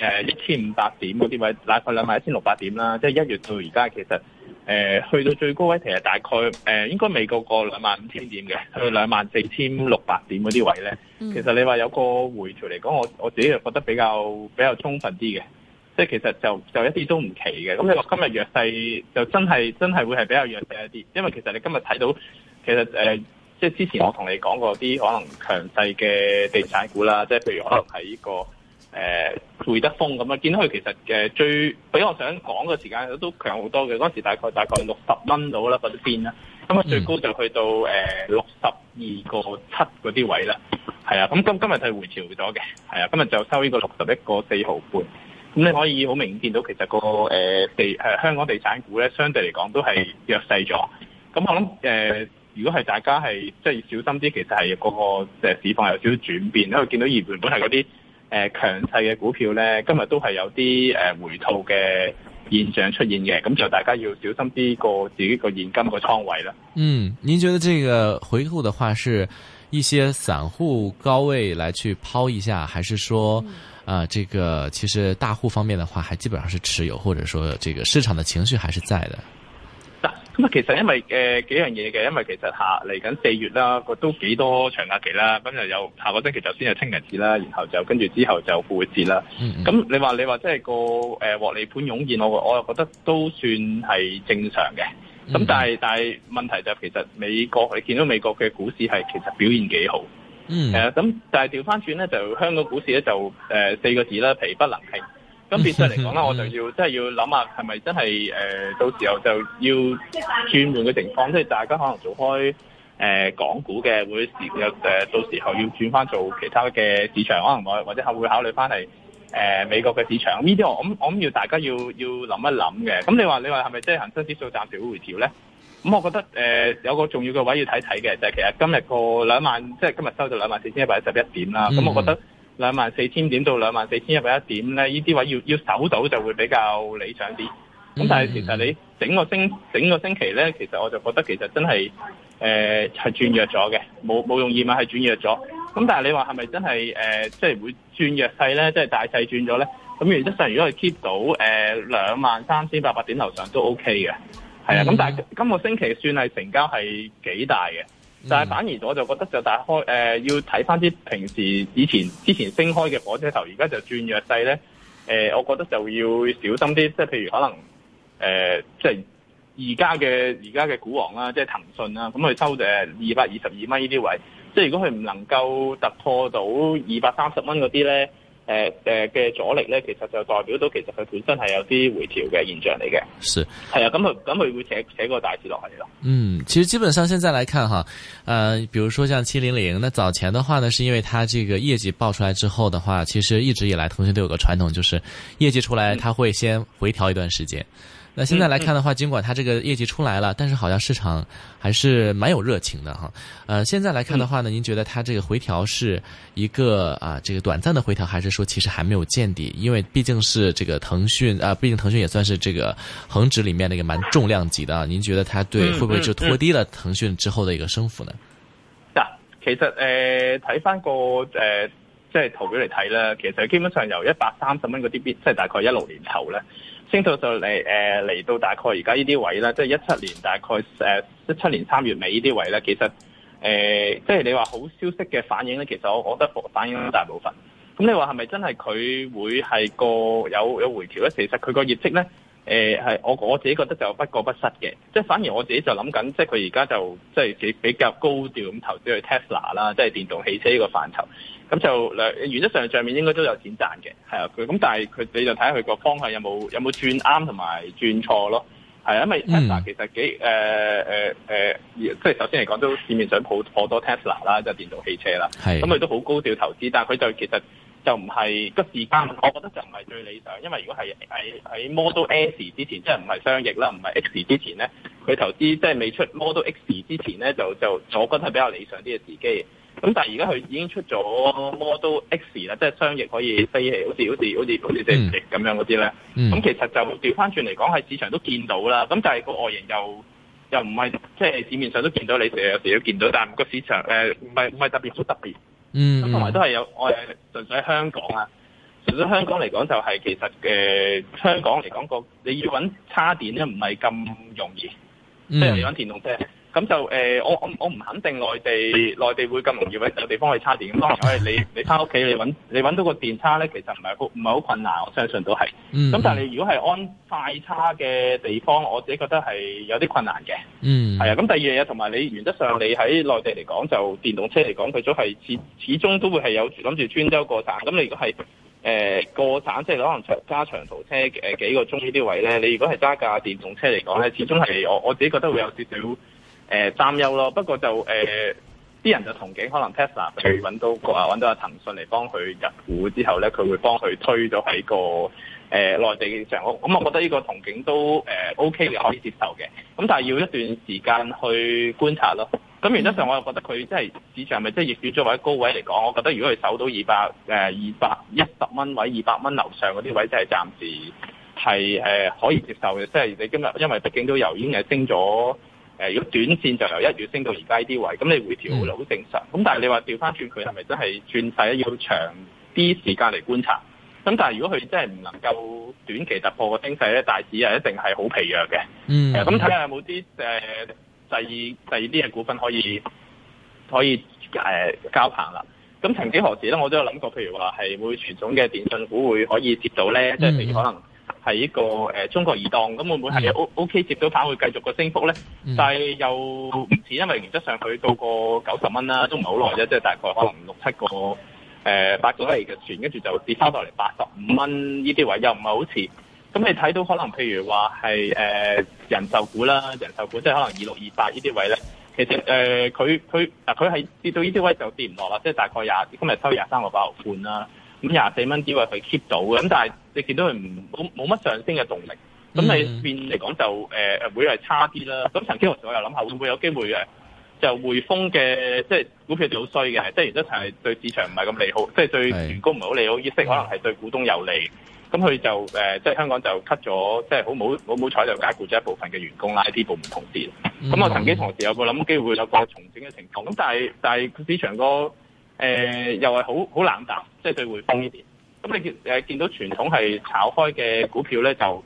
誒一千五百點嗰啲位，大概兩萬一千六百點啦。即係一月到而家，其實誒、呃、去到最高位，其實大概誒、呃、應該未過過兩萬五千點嘅，去到兩萬四千六百點嗰啲位咧。其實你話有個回調嚟講，我我自己就覺得比較比較充分啲嘅，即係其實就就一啲都唔奇嘅。咁你話今日弱勢就真係真係會係比較弱勢一啲，因為其實你今日睇到其實、呃、即係之前我同你講過啲可能強勢嘅地產股啦，即係譬如可能喺呢、這個。誒會、呃、德豐咁啊，見到佢其實嘅最，比我想講嘅時間都強好多嘅。嗰陣時大概大概六十蚊到啦，嗰啲邊啦，咁啊最高就去到誒六十二個七嗰啲位啦，係啊。咁今今日就回調咗嘅，係啊。今日就收呢個六十一個四毫半。咁、嗯、你可以好明顯見到其實、個誒、呃、地誒、呃、香港地產股咧，相對嚟講都係弱勢咗。咁、嗯、我諗誒、呃，如果係大家係即係要小心啲，其實係個誒市況有少少轉變，因為見到原本係嗰啲。誒，強勢嘅股票呢，今日都係有啲誒回吐嘅現象出現嘅，咁就大家要小心啲過自己個現金個倉位啦。嗯，您覺得這個回吐的話，是一些散戶高位來去拋一下，還是說，啊、呃，這個其實大戶方面的話，還基本上是持有，或者說，這個市場的情緒還是在的。咁啊，其實因為誒、呃、幾樣嘢嘅，因為其實下嚟緊四月啦，個都幾多長假期啦，咁又有下個星期就先係清明節啦，然後就跟住之後就復活節啦。咁、mm hmm. 你話你話、那個，即係個誒獲利盤湧現，我我又覺得都算係正常嘅。咁、mm hmm. 但係但係問題就係其實美國，你見到美國嘅股市係其實表現幾好。嗯、mm。係、hmm. 咁、呃、但係調翻轉咧，就香港股市咧就誒、呃、四個字啦，疲不能興。咁變相嚟講咧，我就要即係、就是、要諗下是不是，係咪真係誒到時候就要轉換嘅情況？即、就、係、是、大家可能做開誒、呃、港股嘅會，時有誒到時候要轉翻做其他嘅市場，可能或或者係會考慮翻係誒美國嘅市場。呢啲我我我諗要大家要要諗一諗嘅。咁你話你話係咪即係恒生指數暫時會回調咧？咁我覺得誒有個重要嘅位要睇睇嘅，就係其實今日個兩萬，即係今日收到兩萬四千一百一十一點啦。咁我覺得。呃兩萬四千點到兩萬四千一百一點咧，呢啲位要要守到就會比較理想啲。咁但係其實你整個星整個星期咧，其實我就覺得其實真係誒係轉弱咗嘅，冇冇用二萬係轉弱咗。咁但係你話係咪真係誒即係會轉弱勢咧？即係大勢轉咗咧？咁原則上如果係 keep 到誒呃兩萬三千八百點以上都 OK 嘅，係啊。咁但係今個星期算係成交係幾大嘅。嗯、但係反而我就覺得就大開、呃、要睇翻啲平時以前之前升開嘅火車頭，而家就轉弱勢咧、呃。我覺得就要小心啲，即係譬如可能即係而家嘅而家嘅股王啦，即係騰訊啦，咁佢、嗯、收就二百二十二蚊呢啲位，即係如果佢唔能夠突破到二百三十蚊嗰啲咧。誒誒嘅阻力咧，其實就代表到其實佢本身係有啲回調嘅現象嚟嘅。是，係啊，咁佢咁佢會寫寫個大字落去咯。嗯，其實基本上現在來看哈，誒、呃，比如說像七零零，那早前的話呢，是因為佢這個業績爆出來之後的話，其實一直以來，騰訊都有個傳統，就是業績出來，佢會先回調一段時間。嗯那現在來看的話，盡管它這個業績出來了，但是好像市場還是蠻有熱情的哈。呃，現在來看的話呢，您覺得它這個回調是一個啊，這個短暫的回調，還是說其實還沒有見底？因為畢竟是這個騰訊，啊，畢竟騰訊也算是這個恒指裏面那個蠻重量級的。您覺得它對會不會就拖低了騰訊之後的一個升幅呢？其實呃，睇翻個呃，即係圖表嚟睇呢，其實基本上由一百三十蚊嗰啲邊，即係大概一六年頭呢。升到就嚟，誒、呃、嚟到大概而家呢啲位啦，即係一七年大概誒一七年三月尾呢啲位咧，其實，誒即係你話好消息嘅反映咧，其實我覺得反映咗大部分。咁你話係咪真係佢會係個有有回調咧？其實佢個業績咧。誒係、欸，我我自己覺得就不過不失嘅，即係反而我自己就諗緊，即係佢而家就即係幾比較高調咁投資去 Tesla 啦，即係電動汽車呢個範疇，咁就原則上上面應該都有錢賺嘅，係啊，佢咁但係佢你就睇下佢個方向有冇有冇轉啱同埋轉錯咯，係啊，因為 Tesla、嗯、其實幾誒誒誒，即係首先嚟講都市面上好好多 Tesla 啦，即係電動汽車啦，係，咁佢都好高調投資，但係佢就其實。就唔係個時間，我覺得就唔係最理想。因為如果係喺喺 Model S 之前，即係唔係雙翼啦，唔係 X 之前咧，佢投資即係未出 Model X 之前咧，就就我覺得係比較理想啲嘅時機。咁但係而家佢已經出咗 Model X 啦，即係雙翼可以飛起，好似好似好似好似正翼咁樣嗰啲咧。咁、mm. 其實就調翻轉嚟講，喺市場都見到啦。咁但係個外形又又唔係即係市面上都見到你，你成日有時都見到，但係個市場誒唔係唔係特別好特別。嗯,嗯，咁同埋都係有，我係純粹香港啊，純粹香港嚟講就係其實嘅香港嚟講個你要揾叉電咧唔係咁容易，即係你揾電動車。咁就誒、呃，我我我唔肯定內地內地會咁容易揾有地方去差電。當然，你你返屋企，你搵你揾到個電差咧，其實唔係唔係好困難。我相信都係。嗯。咁但係你如果係安快差嘅地方，我自己覺得係有啲困難嘅。嗯。係啊。咁第二樣嘢，同埋你原則上，你喺內地嚟講，就電動車嚟講，佢都係始始終都會係有諗住穿州過省。咁你如果係誒、呃、過省，即、就、係、是、可能揸長途車、呃、幾個鐘呢啲位咧，你如果係揸架電動車嚟講咧，始終係我我自己覺得會有少少。誒、呃、擔憂咯，不過就誒啲、呃、人就憧憬，可能 Tesla 佢揾到啊揾到阿騰訊嚟幫佢入股之後咧，佢會幫佢推咗喺個誒、呃、內地上屋。咁、嗯、我覺得呢個憧憬都誒、呃、OK 嘅，可以接受嘅。咁但係要一段時間去觀察咯。咁原則上我又覺得佢即係市場咪即係逆轉咗，位高位嚟講，我覺得如果佢守到二百誒二百一十蚊位、二百蚊樓上嗰啲位，即係暫時係、呃、可以接受嘅。即係你今日因為畢竟都由已經係升咗。誒，如果短線就由一月升到而家呢啲位，咁你回調好啦，好正常。咁但係你話調翻轉佢係咪真係轉勢？要長啲時間嚟觀察。咁但係如果佢真係唔能夠短期突破個升勢咧，大市係一定係好疲弱嘅。嗯、mm。咁睇下有冇啲誒第二第二啲嘅股份可以可以誒、呃、交棒啦。咁曾幾何時咧，我都有諗過，譬如話係會傳統嘅電信股會可以接到咧，即係、mm hmm. 譬如可能。喺一個誒、呃、中國移動咁、嗯、會唔會係 O O K 接到反，會繼續個升幅咧？嗯、但係又唔似，因為原則上佢到過九十蚊啦，都唔係好耐啫，即係大概可能六七個誒八個嚟嘅船，跟、呃、住就跌翻落嚟八十五蚊呢啲位，又唔係好似咁。噉你睇到可能譬如話係誒人壽股啦，人壽股即係可能二六二八呢啲位咧，其實誒佢佢嗱佢係跌到呢啲位就跌唔落啦，即係大概廿今日收廿三個八毫半啦。咁廿四蚊止位佢 keep 到嘅，咁但係你見到佢唔冇冇乜上升嘅動力，咁你變嚟講就誒誒、呃、會係差啲啦。咁曾經我我又諗下會唔會有機會嘅？就匯豐嘅即係股票就好衰嘅，即係而家係對市場唔係咁利好，的即係對員工唔係好利好，意思可能係對股東有利。咁佢就、呃、即係香港就 cut 咗，即係好冇好彩就解雇咗一部分嘅員工啦，一啲部門同事。咁的我曾經同時有冇諗機會有個重整嘅情況，咁但係但係市場個。誒、呃、又係好好冷淡，即係對匯豐呢邊。咁你誒、呃、見到傳統係炒開嘅股票咧，就誒誒、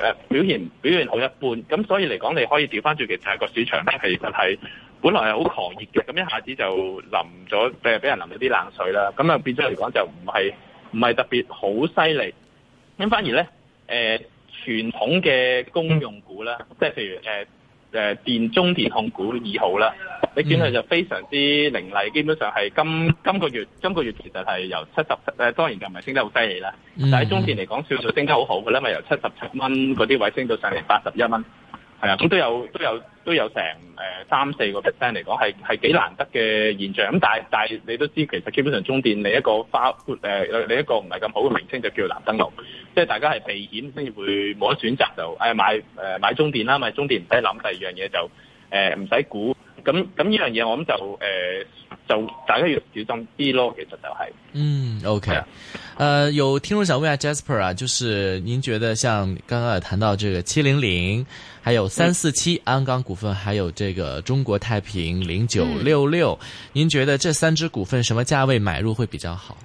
呃、表現表現好一般。咁所以嚟講，你可以調翻轉，其實個市場咧其實係本來係好狂熱嘅，咁一下子就淋咗誒，俾人淋咗啲冷水啦。咁啊變咗嚟講就唔係唔係特別好犀利。咁反而咧誒、呃、傳統嘅公用股咧，即係譬如誒、呃誒電中電控股二號啦，你見佢就非常之凌厲，基本上係今今個月今個月其實係由七十七誒，當然就唔係升得好犀利啦，但喺中電嚟講，少數升得好好嘅啦，咪由七十七蚊嗰啲位升到上嚟八十一蚊。係啊，咁都有都有都有成誒三四個 percent 嚟講係係幾難得嘅現象。咁但係但係你都知，其實基本上中電你一個花、呃、你一個唔係咁好嘅名稱就叫做藍燈籠，即係大家係避險先會冇得選擇就誒、哎、買買中電啦，買中電唔使諗第二樣嘢就誒唔使估。咁咁呢樣嘢我諗就誒。呃就大家要小心啲咯，其實就係、是。嗯，OK，對呃，有聽眾想問下、啊、Jasper 啊，就是您覺得像剛剛有談到這個七零零，還有三四七鞍鋼股份，還有這個中國太平零九六六，您覺得這三隻股份什麼價位買入會比較好？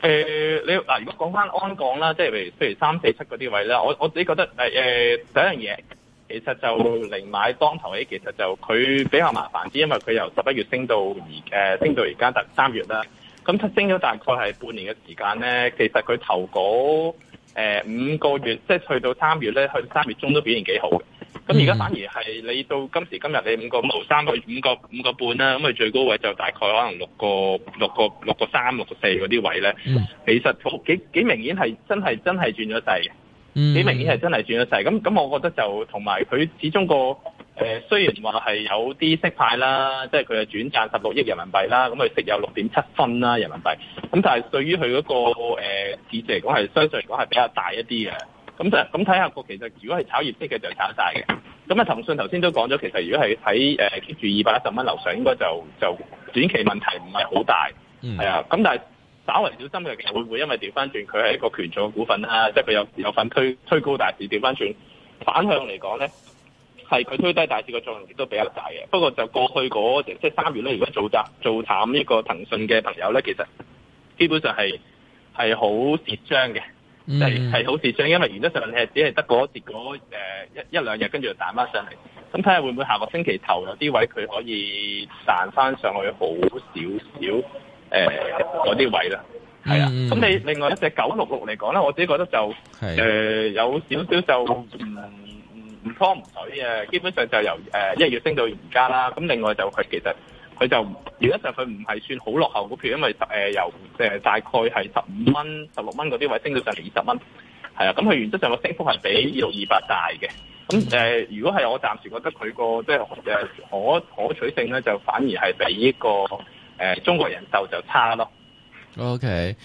誒、呃，你嗱，如果講翻鞍鋼啦，即係譬如譬如三四七嗰啲位啦，我我自己覺得誒誒，第一、呃、樣嘢。其實就零買當頭起，其實就佢比較麻煩啲，因為佢由十一月升到而、呃、升到而家，就三月啦。咁出升咗大概係半年嘅時間咧，其實佢投稿呃、五個月，即係去到三月咧，去到三月中都表現幾好嘅。咁而家反而係你到今時今日，你五個冇三個五個五個半啦，咁佢最高位就大概可能六個六個六個三六個四嗰啲位咧，嗯、其實幾幾明顯係真係真係轉咗勢嘅。幾、嗯、明顯係真係轉咗勢，咁咁我覺得就同埋佢始終個、呃、雖然話係有啲息派啦，即係佢係轉賺十六億人民幣啦，咁、嗯、佢食有六點七分啦人民幣，咁但係對於佢嗰、嗰個誒市值嚟講係相對嚟講係比較大一啲嘅，咁就咁睇下個其實如果係炒業績嘅就炒大嘅，咁啊騰訊頭先都講咗其實如果係喺誒 keep 住二百一十蚊樓上，應該就就短期問題唔係好大，啊、嗯，咁但係。稍微小心嘅，其實會唔會因為調翻轉，佢係一個權重嘅股份啦，即係佢有有份推推高大市，調翻轉反向嚟講呢，係佢推低大市嘅作用亦都比較大嘅。不過就過去嗰即係三月呢，如果做淡做淡呢個騰訊嘅朋友呢，其實基本上係係好蝕張嘅，係係好蝕張，因為原則上你係只係得嗰蝕嗰一一兩日，跟住就彈翻上嚟。咁睇下會唔會下個星期頭有啲位佢可以彈翻上去好少少。誒，嗰啲位啦，係啊。咁你另外一隻九六六嚟講咧，我自己覺得就誒有少少就唔唔唔湯唔水嘅。基本上就由誒一月升到而家啦。咁另外就佢其實佢就，如果就佢唔係算好落後股票，因為誒由誒大概係十五蚊、十六蚊嗰啲位升到就二十蚊，係啊。咁佢原則上個升幅係比二六二八大嘅。咁誒，如果係我暫時覺得佢個即係誒可可取性咧，就反而係比呢個。誒、呃，中國人壽就差咯。OK，誒、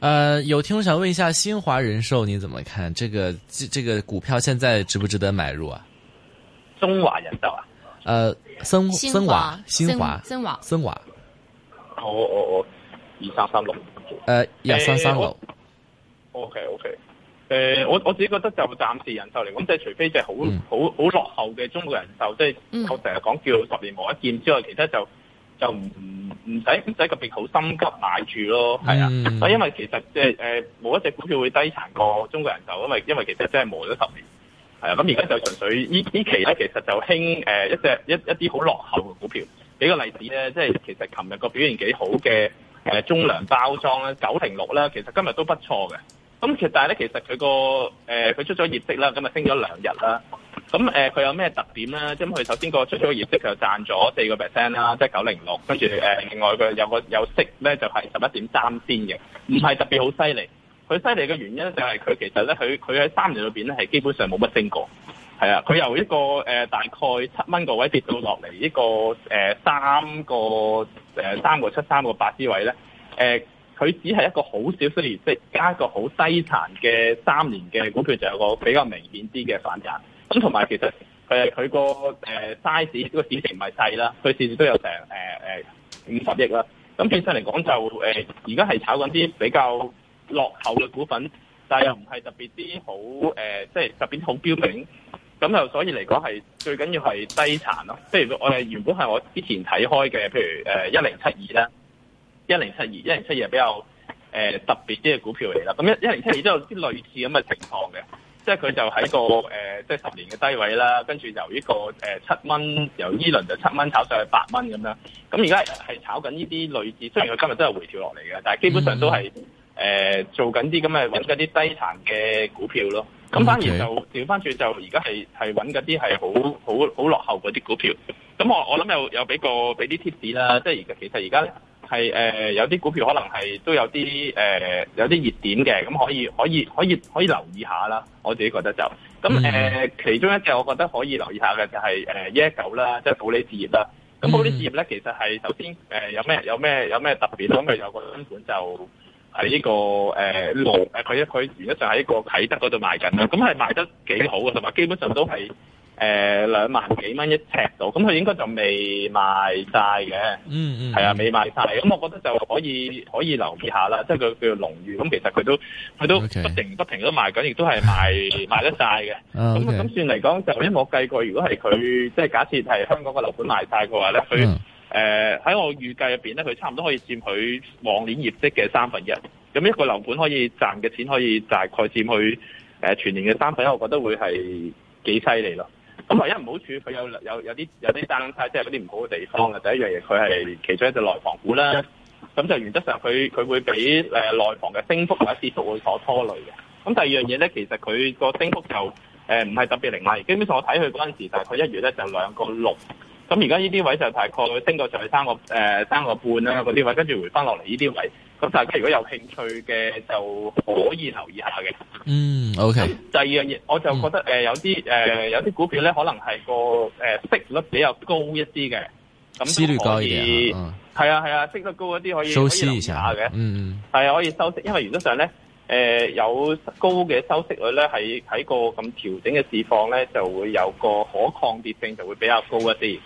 呃，有聽，我想問一下新華人壽，你怎麼看？這個這這個股票現在值不值得買入啊？中華人壽啊？誒、呃，新新華華華，新華，新華華，新華。我我我二、呃、呀三三六。誒、呃，二三三六。OK OK，誒、呃，我我自己覺得就暫時人壽嚟講，咁即係除非就係、嗯、好好好落後嘅中國人壽，即、就、係、是、我成日講叫十年磨一劍之外，嗯、其他就。就唔唔使唔使特別好心急買住咯，係啊，mm hmm. 因為其實即係冇一隻股票會低殘過中國人壽，因為因為其實真係磨咗十年，係啊，咁而家就純粹呢期咧，其實就興、呃、一隻一一啲好落後嘅股票，幾個例子咧，即係其實琴日個表現幾好嘅、呃、中糧包裝咧，九零六呢，其實今日都不錯嘅，咁其實但係咧，其實佢個佢出咗業績啦，今日升咗兩日啦。咁誒，佢、呃、有咩特點咧？因為佢首先個出咗個業績就，就賺咗四個 percent 啦，即係九零六。跟住誒，另外佢有個有息咧，就係十一點三先嘅，唔係特別好犀利。佢犀利嘅原因就係佢其實咧，佢佢喺三年裏面咧，係基本上冇乜升過。係啊，佢由一個、呃、大概七蚊個位跌到落嚟，一個誒三、呃、個誒三、呃、個七三個八之位咧。誒、呃，佢只係一個好少收益，即加一個好低殘嘅三年嘅股票，就有個比較明顯啲嘅反彈。咁同埋其實 size，誒佢個 size，呢個市值唔係細啦，佢次至都有50成誒誒五十億啦。咁變相嚟講就誒，而家係炒緊啲比較落後嘅股份，但係又唔係特別啲好誒，即、呃、係特別好標準。咁就所以嚟講係最緊要係低殘咯。譬如我哋原本係我之前睇開嘅，譬如誒一零七二啦，一零七二，一零七二係比較特別啲嘅股票嚟啦。咁一一零七二都有啲類似咁嘅情況嘅。即係佢就喺個誒、呃，即係十年嘅低位啦，跟住由呢個誒、呃、七蚊，由依輪就七蚊炒上去八蚊咁樣。咁而家係炒緊呢啲類似，雖然佢今日都係回調落嚟嘅，但係基本上都係誒、嗯嗯呃、做緊啲咁嘅揾嗰啲低殘嘅股票咯。咁反而就調返轉就而家係係揾嗰啲係好好好落後嗰啲股票。咁我我諗又又俾個俾啲 tips 啦，即係而家其實而家係誒、呃、有啲股票可能係都有啲誒、呃、有啲熱點嘅，咁可以可以可以可以留意下啦。我自己覺得就咁誒、呃，其中一隻我覺得可以留意一下嘅就係誒一一九啦，即係保利置業啦。咁保利置業咧，其實係首先誒、呃、有咩有咩有咩特別，咁佢有個新盤就喺呢個誒路佢佢而家就喺個啟德嗰度賣緊啦。咁係賣得幾好嘅同埋，基本上都係。誒、呃、兩萬幾蚊一尺度，咁、嗯、佢、嗯嗯嗯、應該就未賣晒嘅、嗯。嗯嗯，係啊、嗯，未賣晒。咁我覺得就可以可以留意一下留意下啦，即係佢叫做龍業。咁其實佢都佢都不停不停都賣緊，亦都係賣 賣得晒嘅。咁啊，咁、嗯嗯、算嚟講就，因為我計過，如果係佢即係假設係香港嘅樓盤賣晒嘅話咧，佢誒喺我預計入邊咧，佢差唔多可以佔佢往年業績嘅三分一。咁一個樓盤可以賺嘅錢可以大概佔佢誒全年嘅三分一，我覺得會係幾犀利咯。咁啊，唯一唔好處，佢有有有啲有啲爭曬，即係嗰啲唔好嘅地方嘅。第一樣嘢，佢係其中一隻內房股啦。咁就原則上，佢佢會俾內房嘅升幅或者跌幅會所拖累嘅。咁第二樣嘢咧，其實佢個升幅就誒唔係特別凌厲。基本上，我睇佢嗰陣時，大概一月咧就兩個六。咁而家呢啲位就大概升過上三個、呃、三個半啦、啊，嗰啲位跟住回翻落嚟呢啲位，咁大家如果有興趣嘅就可以留意下嘅。嗯，OK。第二樣嘢，我就覺得誒、呃、有啲誒、呃、有啲股票咧，可能係個誒、呃、息率比較高一啲嘅，咁可以係啊係、哦、啊，啊，息率高一啲可以收息 So 下嘅、嗯。嗯係啊，可以收息，因為原則上咧誒、呃、有高嘅收息率咧，喺喺個咁調整嘅市況咧，就會有個可抗跌性就會比較高一啲。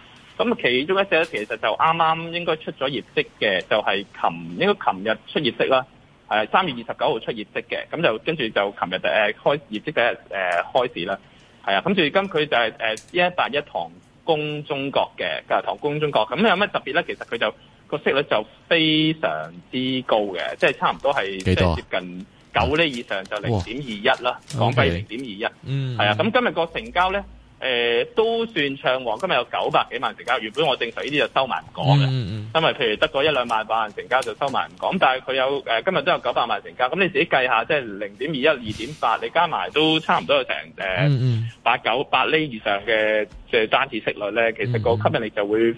咁其中一隻咧，其實就啱啱應該出咗業績嘅，就係、是、琴應該琴、呃、日出業績啦，係三月二十九號出業績嘅，咁、呃嗯、就跟住就琴日開開業績一誒開市啦，係、呃、啊，咁住今佢就係誒一一八一唐宮中國嘅，嘅唐宮中國咁、嗯、有咩特別咧？其實佢就個息率就非常之高嘅，即係差唔多係幾多、啊？接近九厘以上、啊、就零點二一啦，港幣零點二一，嗯，係啊，咁今日個成交咧？誒、呃、都算暢旺，今日有九百幾萬成交。原本我正常呢啲就收埋唔講嘅，嗯嗯、因為譬如得個一兩萬百萬成交就收埋唔講。但係佢有、呃、今日都有九百萬成交。咁、嗯、你自己計下，即係零點二一、二點八，你加埋都差唔多有成誒八九八厘以上嘅即係單次息率咧，其實個吸引力就會誒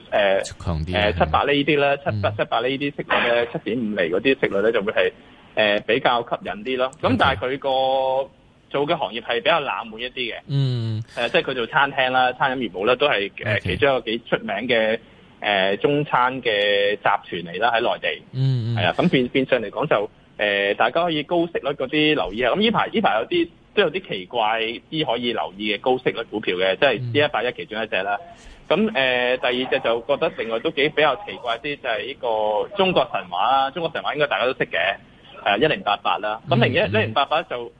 強啲。七百呢啲咧，七百七百啲息率咧，七點五厘嗰啲息率咧，就會係誒、呃、比較吸引啲咯。咁、嗯嗯、但係佢個做嘅行業係比較冷門一啲嘅，嗯，誒、啊，即係佢做餐廳啦，餐飲業務啦，都係誒、呃、的其中一個幾出名嘅誒、呃、中餐嘅集團嚟啦。喺內地，嗯嗯，係啊。咁變變相嚟講就誒、呃，大家可以高息率嗰啲留意啊。咁呢排依排有啲都有啲奇怪啲可以留意嘅高息率股票嘅，即係 c 一八一，其中一隻啦。咁誒、呃，第二隻就覺得另外都幾比較奇怪啲，就係、是、呢個中國神話啦。中國神話應該大家都識嘅，係一零八八啦。咁零一一零八八就。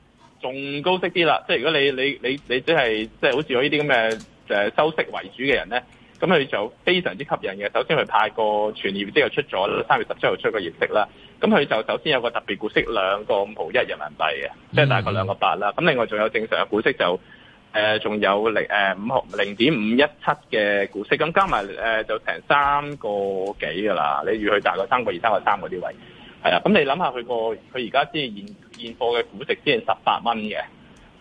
仲高息啲啦，即係如果你你你你只係即係好似我呢啲咁嘅誒收息為主嘅人咧，咁佢就非常之吸引嘅。首先佢派個全業即係出咗三月十七號出個業績啦，咁佢就首先有個特別股息兩個五毫一人民幣嘅，即係、嗯、大概兩個八啦。咁另外仲有正常嘅股息就仲、呃、有零誒五毫零點五一七嘅股息，咁加埋就成三個幾噶啦。你如佢去大概三個二三個三嗰啲位係啊，咁你諗下佢個佢而家先係現。現貨嘅估值先係十八蚊嘅，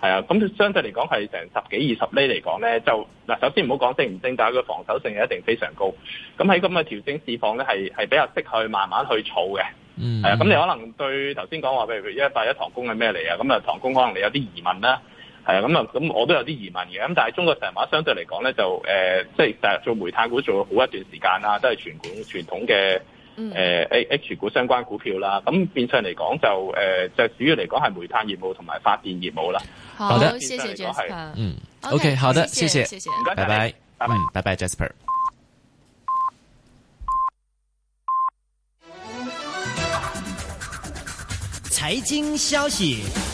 係啊，咁相對嚟講係成十幾二十厘嚟講咧，就嗱首先唔好講正唔正，但係佢防守性一定非常高。咁喺咁嘅調整市況咧，係係比較適去慢慢去儲嘅。係啊，咁、mm hmm. 你可能對頭先講話，譬如一一八一唐宮係咩嚟啊？咁啊，唐宮可能你有啲疑問啦。係啊，咁啊，咁我都有啲疑問嘅。咁但係中國成日相對嚟講咧，就誒，即係成日做煤炭股做好一段時間啦，都係傳統傳統嘅。誒 A、嗯呃、H 股相關股票啦，咁變相嚟講就誒、呃，就主要嚟講係煤炭業務同埋發電業務啦。好的，謝謝，嗯，OK，okay, okay 好的，謝謝，拜拜，拜拜，Jasper。Bye bye, bye bye, bye bye bye bye, Jasper。財經消息。